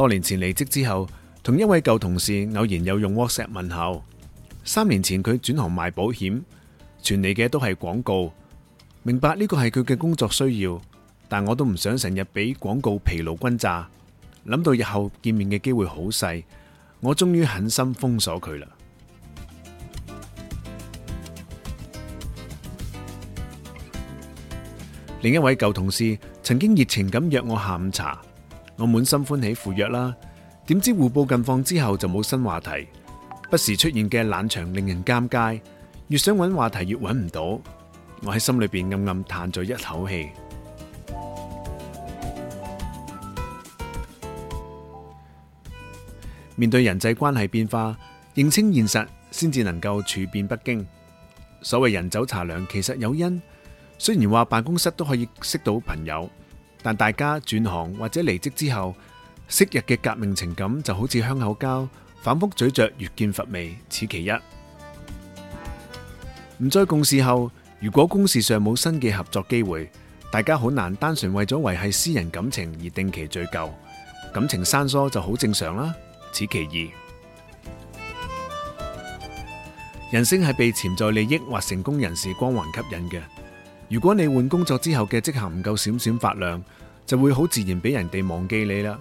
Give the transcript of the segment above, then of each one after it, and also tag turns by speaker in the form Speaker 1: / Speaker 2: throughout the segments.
Speaker 1: 多年前離職之後，同一位舊同事偶然又用 WhatsApp 問候。三年前佢轉行賣保險，傳嚟嘅都係廣告。明白呢個係佢嘅工作需要，但我都唔想成日俾廣告疲勞轟炸。諗到日後見面嘅機會好細，我終於狠心封鎖佢啦。另一位舊同事曾經熱情咁約我下午茶。我滿心歡喜赴約啦，點知互報近況之後就冇新話題，不時出現嘅冷場令人尷尬，越想揾話題越揾唔到，我喺心裏邊暗暗嘆咗一口氣。面對人際關係變化，認清現實先至能夠處變不驚。所謂人走茶涼，其實有因。雖然話辦公室都可以識到朋友。但大家轉行或者離職之後，昔日嘅革命情感就好似香口膠，反覆咀嚼越見乏味，此其一。唔再共事後，如果公事上冇新嘅合作機會，大家好難單純為咗維繫私人感情而定期敘舊，感情生疏就好正常啦，此其二。人性係被潛在利益或成功人士光環吸引嘅。如果你換工作之後嘅職銜唔夠閃閃發亮，就會好自然俾人哋忘記你啦。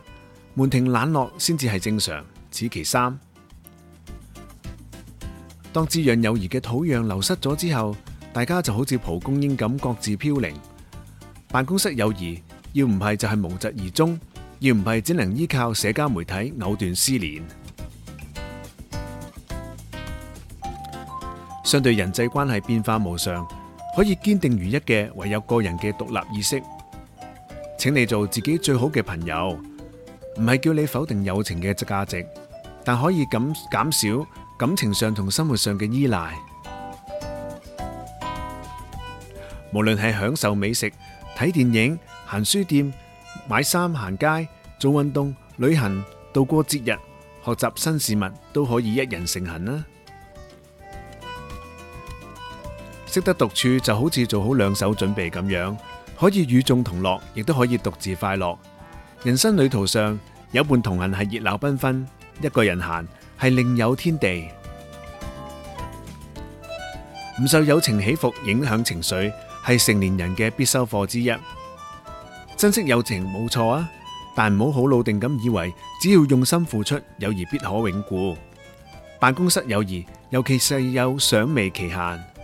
Speaker 1: 門庭冷落先至係正常。此其三，當滋養友誼嘅土壤流失咗之後，大家就好似蒲公英咁各自飄零。辦公室友誼，要唔係就係無疾而終，要唔係只能依靠社交媒體藕斷絲連。相對人際關係變化無常。可以堅定如一嘅，唯有個人嘅獨立意識。請你做自己最好嘅朋友，唔係叫你否定友情嘅價值，但可以減減少感情上同生活上嘅依賴。無論係享受美食、睇電影、行書店、買衫、行街、做運動、旅行、度過節日、學習新事物，都可以一人成行啦。識得獨處就好似做好兩手準備咁樣，可以與眾同樂，亦都可以獨自快樂。人生旅途上有伴同行係熱鬧繽紛，一個人行係另有天地。唔受友情起伏影響情緒，係成年人嘅必修課之一。珍惜友情冇錯啊，但唔好好老定咁以為只要用心付出，友誼必可永固。辦公室友誼尤其是有賞味期限。